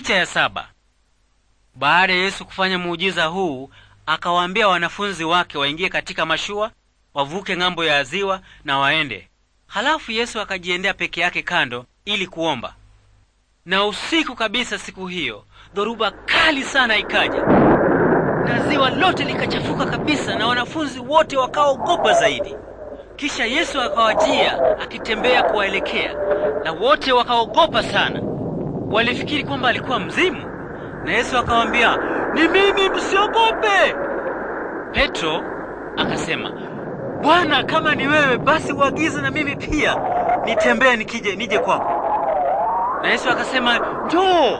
Picha ya saba. Baada ya Yesu kufanya muujiza huu, akawaambia wanafunzi wake waingie katika mashua, wavuke ng'ambo ya ziwa na waende. Halafu Yesu akajiendea peke yake kando ili kuomba. Na usiku kabisa siku hiyo, dhoruba kali sana ikaja, na ziwa lote likachafuka kabisa, na wanafunzi wote wakaogopa zaidi. Kisha Yesu akawajia akitembea kuwaelekea, na wote wakaogopa sana walifikiri kwamba alikuwa mzimu, na Yesu akawaambia, ni mimi, msiogope. Petro akasema, Bwana, kama ni wewe, basi uagize na mimi pia nitembee, nikije nije kwako. Na Yesu akasema, njoo.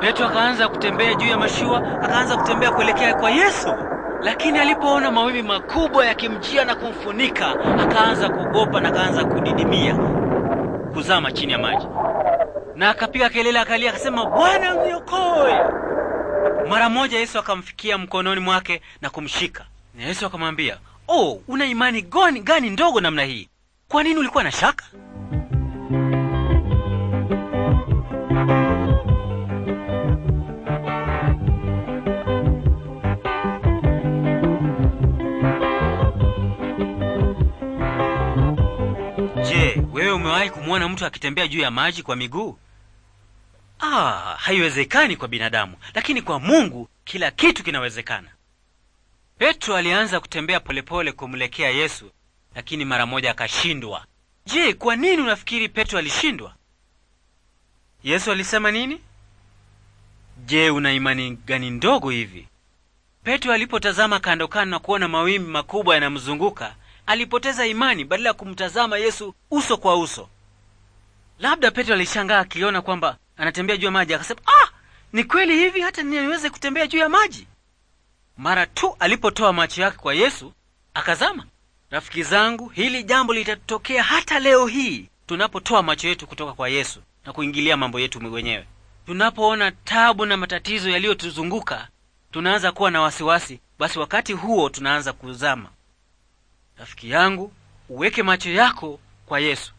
Petro akaanza kutembea juu ya mashua, akaanza kutembea kuelekea kwa Yesu. Lakini alipoona mawimbi makubwa yakimjia na kumfunika, akaanza kuogopa na akaanza kudidimia, kuzama chini ya maji na akapiga kelele akalia, akasema, Bwana uniokoe! Mara moja Yesu akamfikia mkononi mwake na kumshika, na Yesu akamwambia, oh, una imani gani, gani ndogo namna hii? Kwa nini ulikuwa na shaka? Je, wewe umewahi kumwona mtu akitembea juu ya maji kwa miguu? Ah, haiwezekani kwa binadamu, lakini kwa Mungu kila kitu kinawezekana. Petro alianza kutembea polepole kumlekea Yesu, lakini mara moja akashindwa. Je, kwa nini unafikiri Petro alishindwa? Yesu alisema nini? Je, una imani gani ndogo hivi? Petro alipotazama kando kando na kuona mawimbi makubwa yanamzunguka, alipoteza imani badala ya kumtazama Yesu uso kwa uso. Labda Petro alishangaa akiona kwamba anatembea juu ya maji. Akasema, ah, ni kweli hivi, hata niweze kutembea juu ya maji? Mara tu alipotoa macho yake kwa Yesu akazama. Rafiki zangu, hili jambo litatokea hata leo hii tunapotoa macho yetu kutoka kwa Yesu na kuingilia mambo yetu wenyewe. Tunapoona tabu na matatizo yaliyotuzunguka, tunaanza kuwa na wasiwasi, basi wakati huo tunaanza kuzama. Rafiki yangu, uweke macho yako kwa Yesu.